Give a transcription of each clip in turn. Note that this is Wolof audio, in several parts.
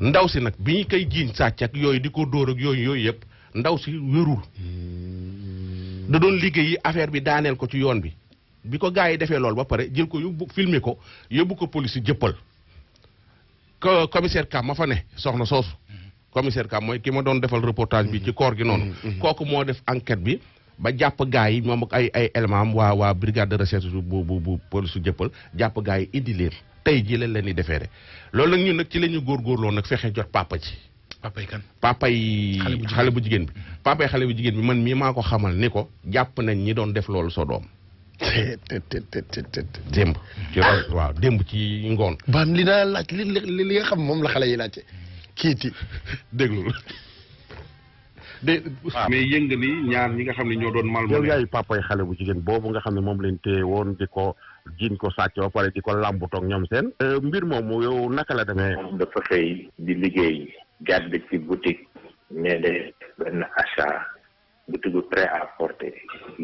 ndaw si nag bi ñu koy jiiñ sàcc yooyu di ko dóor ak yooyu yooyu yëpp ndaw si wérul hmm. da doon liggéeyi affaire bi daaneel ko ci yoon bi bi ko gars yi defee loolu ba pare jël ko yóbbu filmer ko yóbbu ko police jëppal ko commissaire Kam ma fa ne soxna soosu hmm. commissaire Kam mooy ki ma doon defal reportage bi ci hmm. koor gi noonu kooku moo def enquête bi ba jàpp gars yi moom ak ay ay élément waa waa brigade de recherche bu bu bu police jëppal jàpp gars yi indi leen tey jii lañ leen di defeere loolu nag ñun nag ci la ñu góorgóorloo nag fexe jot papa ci. papa yi kan papa xale bu jigéen bi yi xale bu jigéen bi man mii maa ko xamal ni ko jàpp nañ ñi doon def loolu soo doom. démb ci ci ngoon. ban li naa laaj li li nga xam moom la xale yi laajte kiiti déglu de mais yëngali ñaar ñi nga xam ne ñoo doon mal. yow yaayu papa yi xale bu jigéen boobu nga xam ne moom lañ téye woon di ko. jiin ko sàcc ba pare di ko làmbutoog ñoom seen. Euh, mbir moomu yow naka la demee. dafa xëy di liggéey. jàdd ci boutique. ne de benn achat. bu tudd prêt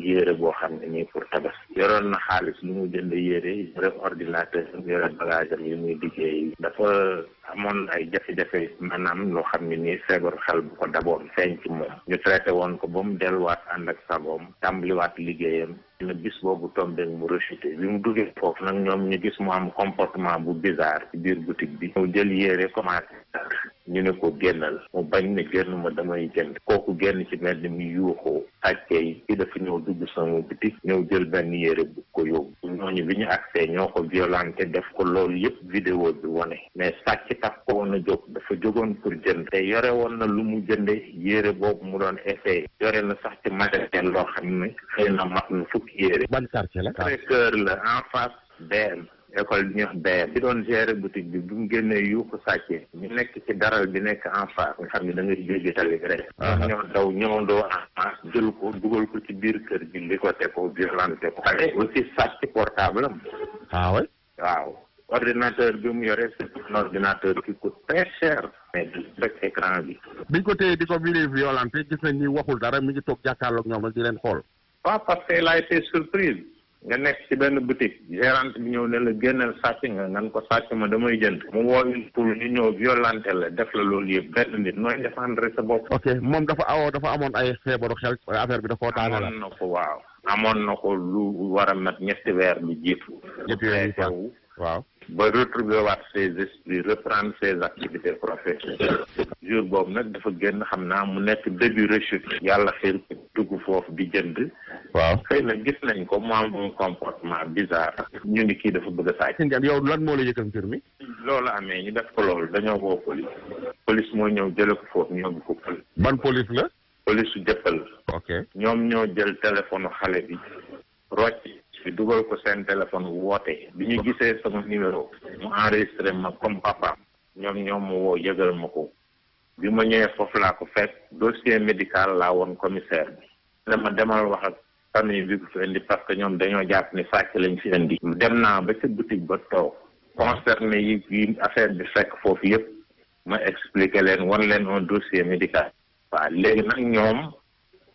yére boo xam ne nii pour tabas yoroon na xaalis lu mu jënd yére yore ordinateur yore bagage yi muy liggéey dafa amoon ay jafe-jafe maanaam loo xam ne nii feebaru xel bu ko daboon feeñ ci moom ñu traité woon ko ba mu delluwaat ànd ak sagoom tàmbaliwaat liggéeyam na bis boobu tombé mu rechuté bi mu duggee foofu nag ñoom ñu gis mu am comportement bu bizarre ci biir boutique bi mu jël yére commencé ñu ne ko génnal mu bañ ne génn ma damay jënd kooku génn ci mel ni mu yuuxoo àjkey ci dafa ñëw dugg sama bitik ñëw jël benn yére bu ko yóbbu ñooñu bi ñu agsee ñoo ko violenté def ko loolu yëpp vidéo bi wane mais sàcc tax ko woon a jóg dafa jógoon pour jënd te yore woon na lu mu jënde yére boobu mu doon essayé yore na sax ci matériel loo xam ne xëy na mat na fukki yére ban quartier la sacré la en face BM école bi ñuy wax DER ci doon gérer boutique bi bu mu génnee yuuxu sàccee ñu nekk ci daral bi nekk en face nga xam ne da ngay jóge tali rek ah. ñoo daw ñëwandoo en face jël ko dugal ko ci biir kër gi li ko te ko violenté ko xale ah. aussi portable am ah waaw ordinateur bi mu yore c'est un ordinateur qui coûte très cher mais du rek écran bi biñ ko téye di ko mili violenté gis nañ ni waxul dara mu ngi toog jàkkaarloog ñoom nag di leen xool waaw parce que été surprise nga nekk ci benn boutique gérante bi ñëw ne la génnal sàcc nga ngan ko sàcc ma damay jën mu woo une poule ñëw violente la def la loolu yëpp benn nit nooy défendre sa bopp ok moom dafa awoo dafa amoon ay feebaru xel affaire bi da koo daane la amoon na ko waaw amoon na ko lu war a mat ñetti weer lu jiitu waaw ba retrouver waat ses esprits reprendre ses activités professionnelles jour boobu nag dafa génn xam naa mu nekk début rechute yàlla xëy dugg foofu di jënd waaw xëy na gis nañ ko mu am un comportement bizarre ñu ni kii dafa bëgg a sàcc yow lan moo la yëkkal mbir mi loolu amee ñu def ko loolu dañoo woo police police moo ñëw jële ko foofu ñu yóbbu ko police ban police la police su jëppal ok ñoom ñoo jël téléphone xale bi rocci ñu dugal ko seen téléphone woote bi ñu gisee sama numéro mu enregistré ma comme papa ñoom ñoom mu woo yëgal ma ko bi ma ñëwee foofu laa ko fekk dossier médical laa woon commissaire bi dama demal wax ak famille parce que ñoom dañoo jàpp ni sàcc lañ fi dem naa ba ca boutique ba toog concerné yi yi affaire bi fekk foofu yëpp ma expliqué leen wan leen un dossier médical waaw léegi nag ñoom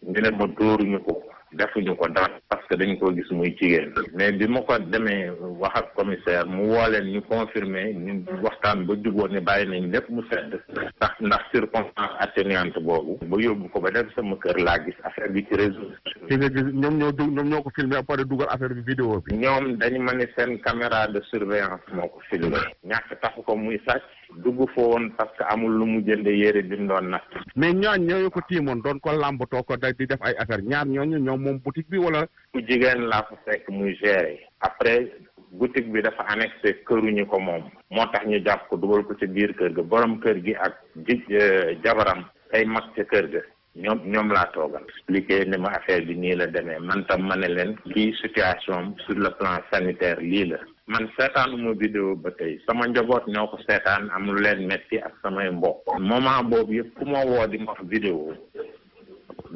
ñu ma dóoruñu ko defuñu ko dara parce que dañ gis muy jigéen mais bi ma ko demee wax ak commissaire mu woo ñu confirmer ñu waxtaan ba jubóon ne bàyyi nañ lépp mu sedd ndax ndax circonstance atténuante boobu ba yóbbu ko ba dem sama kër laa gis affaire bi ci réseau ci nga gis ñoom ñoo ñoom ñoo ko filmé après dugal affaire bi vidéo bi ñoom dañu ma seen caméra de surveillance moo ko filmé ñàkk taxu ko muy sàcc dugg foo woon parce que amul lu mu jënde yére bi mu doon na mais ñooñ ñoo ko tiimoon doon ko làmbatoo ko da di def ay affaire ñaar ñooñu ñoom moom boutique bi wala ku jigéen laa ko fekk muy gérer après boutique bi dafa annexé këruñu ko moom moo tax ñu jàpp ko dugal ko ci biir kër ga borom kër gi ak ji euh, jabaram ay mag ca kër ga ñoom ñoom laa toogal expliqué ni ma affaire bi nii la demee man tam ma ne leen lii situation sur le plan sanitaire lii la man seetaanuma vidéo ba tey sama njaboot ñoo ko seetaan am lu leen metti ak samay mbokk moment boobu yëpp ku ma woo di ma wax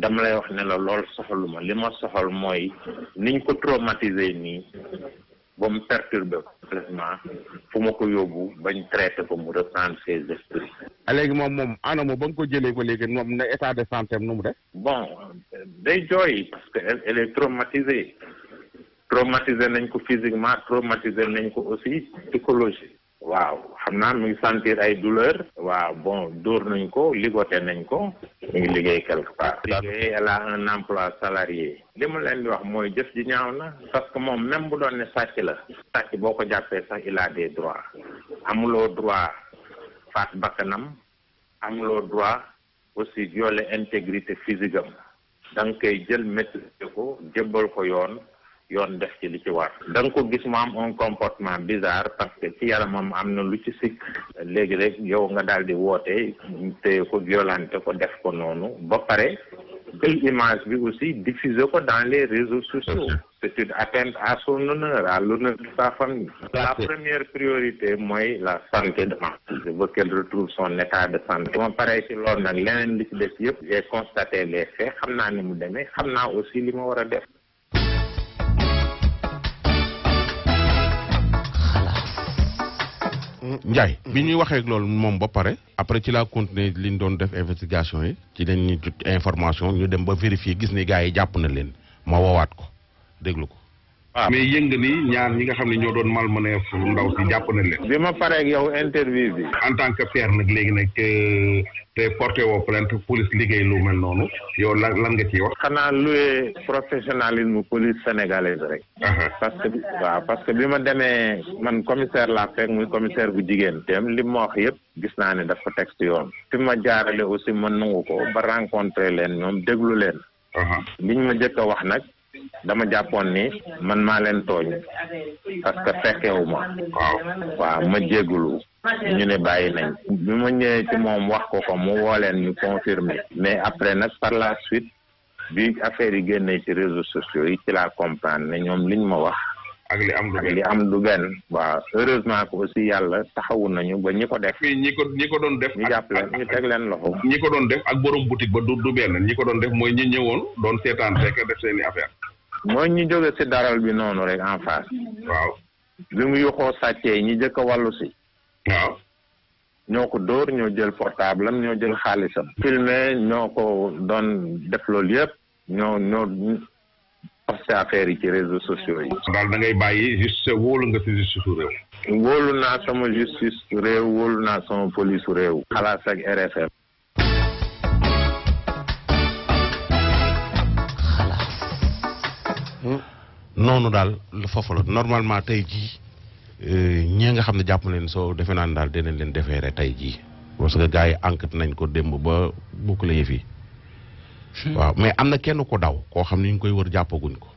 dama lay wax ne la lool soxaluma li ma soxal mooy niñ ko traumatiser nii ba mu perturbé complètement fu ma ko yóbbu bañ traité ko mu reprendre ses esprits. Ah, léegi moom moom anamo ba nga ko jëlee ba léegi moom na état de santé am nu mu def. bon day jooy parce que elle elle est nañ ko physiquement traumatisé nañ ko aussi psychologie. waaw xam naa mi ngi sentir ay douleur. waaw bon dóor nañ ko ligoté nañ ko. mi liggéey quelque part. la elle a un emploi salarié. li mu leen di wax mooy jëf ji ñaaw na parce que moom même bu doon ne sàcc la sàcc boo ko jàppee sax il a des droits amuloo droit faat bakkanam amuloo droit aussi violer intégrité physique am da nga koy jël maîtriser ko jébbal ko yoon yoon def ci li ci war da ko gis mu am un comportement bizarre parce que ci yaramam am na lu ci sikk léegi rek yow nga daal di woote te ko violente ko def ko noonu ba pare jël image bi aussi diffuser ko dans les réseau sociaux c'est une atteinte à son honneur à l'honneur sa famille la première priorité mooy la santé de ma je veux qu'elle retrouve son état de santé ma pare ci loolu nag leneen li ci def yëpp j'ai constaté les faits xam naa ni mu demee xam naa aussi li ma war a def Ndiaye bi ñuy waxee loolu moom ba pare après ci la continuer li ñu doon def investigation yi ci dañ ñu jot information ñu dem ba vérifier gis ni gars yi jàpp na leen ma woowaat ko déglu ko waaw ah. mais yëngali ñaar ñi nga xam ne ñoo doon malmené ndaw si jàpp nañ leen. bi ma paree ak yow interview bi. en tant que père nag léegi nag euh, te porté woo plainte police liggéey lu mel noonu yow lan lan nga ci wax. xanaa luwee professionnalisme police sénégalaise rek. parce que waaw parce que bi ma demee man commissaire la fekk muy commissaire bu jigéen. dem li ma wax yëpp gis naa ne dafa teg ci yoon. fi ma jaarale aussi ma nangu ko ba rencontré leen ñoom déglu leen. liñ ma jëkk wax nag. dama jàppoon ni man maa leen tooñ parce que fekkewu ma waaw waaw ma jéggulu ñu ne bàyyi nañ bi ma ñëwee ci moom wax ko ko mu woo leen ñu confirmer mais après nag par la suite bi affaire yi génnee ci réseaux sociaux yi ci laa comprendre ne ñoom li ñu ma wax ak li am du benn ak li am du benn waaw heureusement que aussi yàlla taxawu nañu ba ñi ko def. mais ñi ko ñi ko doon def. ñu jàppale ñu teg leen loxo. ñi ko doon def ak borom boutique ba du du benn ñi ko doon def mooy ñi ñëwoon doon seetaan fekk def seen i affaire. mooy ñu jóge si daral bi noonu rek en face. waaw bi mu yuxoo sàccee ñu jëkk a wàllu si. waaw ñoo ko dóor ñoo jël portable am ñoo jël xaalisam. filmé ñoo ko doon def loolu yëpp ñoo ñoo posté affaire yi ci réseaux sociaux yi. daal da bàyyi juste wóolu nga si justice su réew. wóolu naa sama justice réew wóolu naa sama police réew. xalaas ak RFM. noonu daal foofu la normalement tey jii euh, ñi nga xam ne jàpp leen soo defe naan daal dinañ leen defee rek tey jii parce que gaa yi enquête nañ ko démb ba bukk la yëf yi hmm. waaw mais am na kenn ko daw koo xam ni ñu koy wër jàppaguñ ko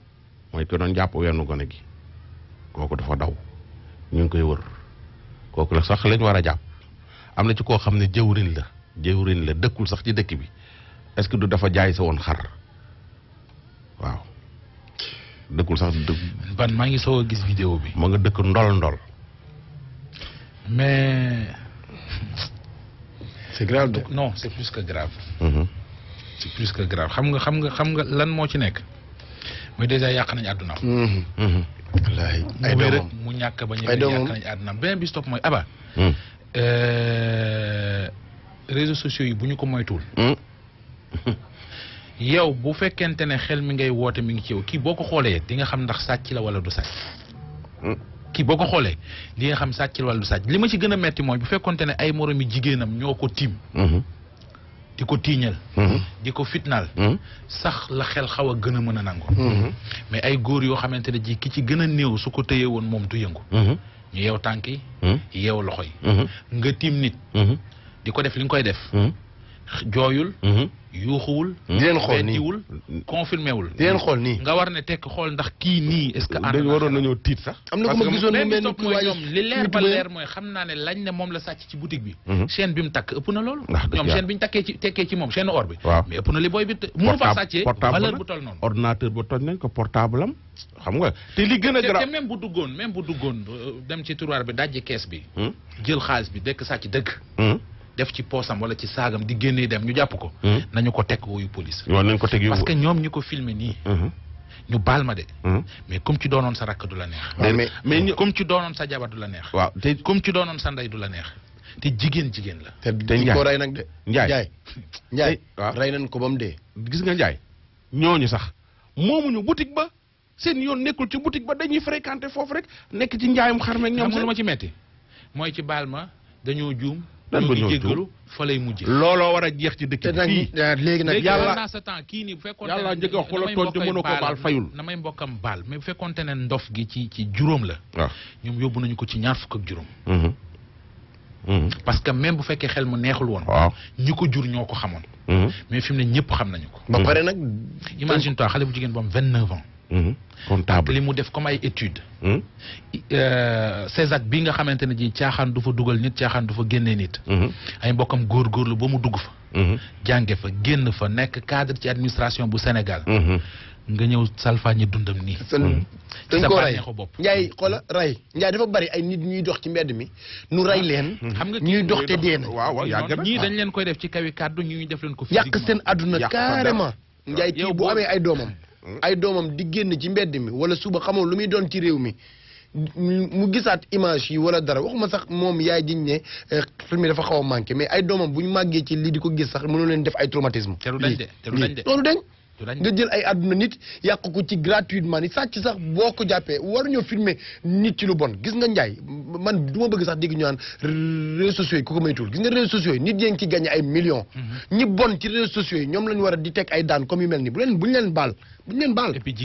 mooy ko doon jàpp wenn gone gi kooku dafa daw ñu ngi koy wër kooku la sax lañ war a jàpp am na ci koo xam ne jëwrin la jëwrin la dëkkul sax ci dëkk bi est que du dafa jaay sa woon xar waaw dëkkul sax dëkk. ban maa ngi soog a gis vidéo bi. moo nga dëkk ndol ndol. mais. c'est grave de non c'est plus que grave. Mhm. c'est plus xam nga xam nga xam nga lan moo ci nekk. mooy déjà yàq nañu àdduna am. Mhm. Mhm. wallaahi mu ñàkk ba ñu yàq nañu àdduna am beneen mooy aba. Euh, réseaux sociaux yi bu ñu ko moytuwul. yow bu fekkente ne xel mi ngay woote mi ngi ci yow kii boo ko xoolee di nga xam ndax sàcc la wala du sàcc. Hmm. kii boo ko xoolee di nga xam sàcc la wala du sàcc li ma ci gën a metti mooy bu fekkonte ne ay moroomi jigéenam ñoo ko tiim. Hmm. di ko tiiñal. Hmm. di ko fitnaal. sax la xel xaw a gën a mën a nangu. mais ay góor yoo xamante ne ji ki ci gën a néew su ko téye woon moom du yëngu. ñu yeew tànk yi. yeew loxo yi. nga tiim nit. di ko def li nga koy def. jooyul. Mhm. yuuxuwul. Mhm. di leen xool nii weddiwul confirmé wul. di leen xool nii nga war ne tekk xool ndax kii nii est ce que. ànd waroon na nañoo tiit sax. am na ko ma gisoon mu li leer ba leer mooy xam naa ne lañ ne moom la sàcc ci boutique bi. Mhm. chaîne bi mu takk ëpp na loolu. ñoom chaîne bi ñu takkee ci tekkee ci moom chaîne or bi. waaw mais ëpp na li booy bi. mënu fa sàccee valeur bu toll noonu. ordinateur ba toj nañ ko portable xam nga te li gën a grave te bu duggoon même bu duggoon euh, dem ci tiroir bi dajji kees bi. Hmm? jël xaalis bi dekk sàcc dëgg hmm? def ci poosam wala ci saagam di génnee dem ñu jàpp ko. Hmm? nañu ko teg woyu police. nañu ko teg parce que ñoom ñi ko filmer nii. Hmm? ñu baal ma de. Hmm? mais comme ci doonoon sa rakk du la neex. mais comme ci doonoon sa jabar du waaw te comme ci doonoon sa ndey du la neex. te jigéen jigéen la. te dañ ko rey nag de. Ndiaye eh, waaw rey nañ ko ba de dee. gis nga Ndiaye ñooñu sax moomuñu boutique ba seen yoon nekkul ci boutique ba dañuy fréquenter foofu rek nekk ci njaayum xar meeg ñoom. xam ma ci metti mooy ci baal ma dañoo juum. lan nga jéggalu fa lay mujjee looloo war a jeex ci dëkk bi ah, léegi nag yàlla sa temps kii nii bu fekkoon yàlla njëkk la tooñ te baal fayul na may mbokkam baal mais bu fekkoon teneen ndof gi ci ci juróom la waaw ñoom yóbbu nañu ko ci ñaar fukk ak juróom mm-hmm. Mm-hmm. parce que même bu fekkee xel mu neexul woon. waaw ñi ko jur ñoo ko xamoon. Mm-hmm. mais fi mu ne ñëpp xam nañu ko. ba pare nag. imagine toi xale bu jigéen bu am vingt neuf ans. Mhm. comptable li mu def comme ay étude mhm. euh, CESAC bi nga xamante ne ji caaxaan du fa dugal nit caaxaan du fa génne nit mhm. ay mbokkam góorgóorlu ba mu dugg fa jànge fa génn fa nekk cadre ci administration bu Sénégal nga ñëw salfaañi dundam nii dañ ko rey bopp Njaay xoola rey Njaay dafa bari ay nit ñuy dox ci mbedd mi nu rey ah. leen xam nga ñuy dox te dee na waaw waaw yàgg na ñii dañ leen koy def ci kawi kàddu ñi ñu def leen ko yàq seen àdduna carrément Njaay kii bu amee ay doomam ay doomam di génn ci mbedd mi wala suba xamoo lu muy doon ci réew mi mu gisaat image yi wala dara waxuma sax moom yaay jiñ ne eh, film mi dafa xaw a manqué mais ay doomam bu ñu màggee ci lii di ko gis sax mënu leen def ay traumatisme. te du dañ de te du de loolu dañ. nga jël ay àdduna nit yàq ko ci gratuitement ni sàcc sax boo ko jàppee waruñoo filmer nit ci lu bon gis nga njaay man du ma bëgg sax dégg ñu naan réseaux sociaux yi ku ko maytul gis nga réseaux sociaux yi nit yéen ci gagné ay millions. Mhm. ñi bon ci réseaux sociaux yi ñoom la ñu war a di teg ay daan comme yu mel nii bu leen bu ñu leen baal bu leen baal.